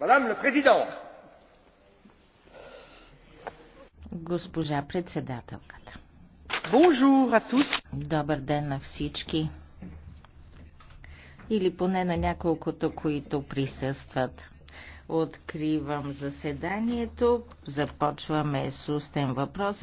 Мадам ле президент! Госпожа председателката. Бонжур а тус! Добър ден на всички! Или поне на няколкото, които присъстват. Откривам заседанието. Започваме с устен въпрос.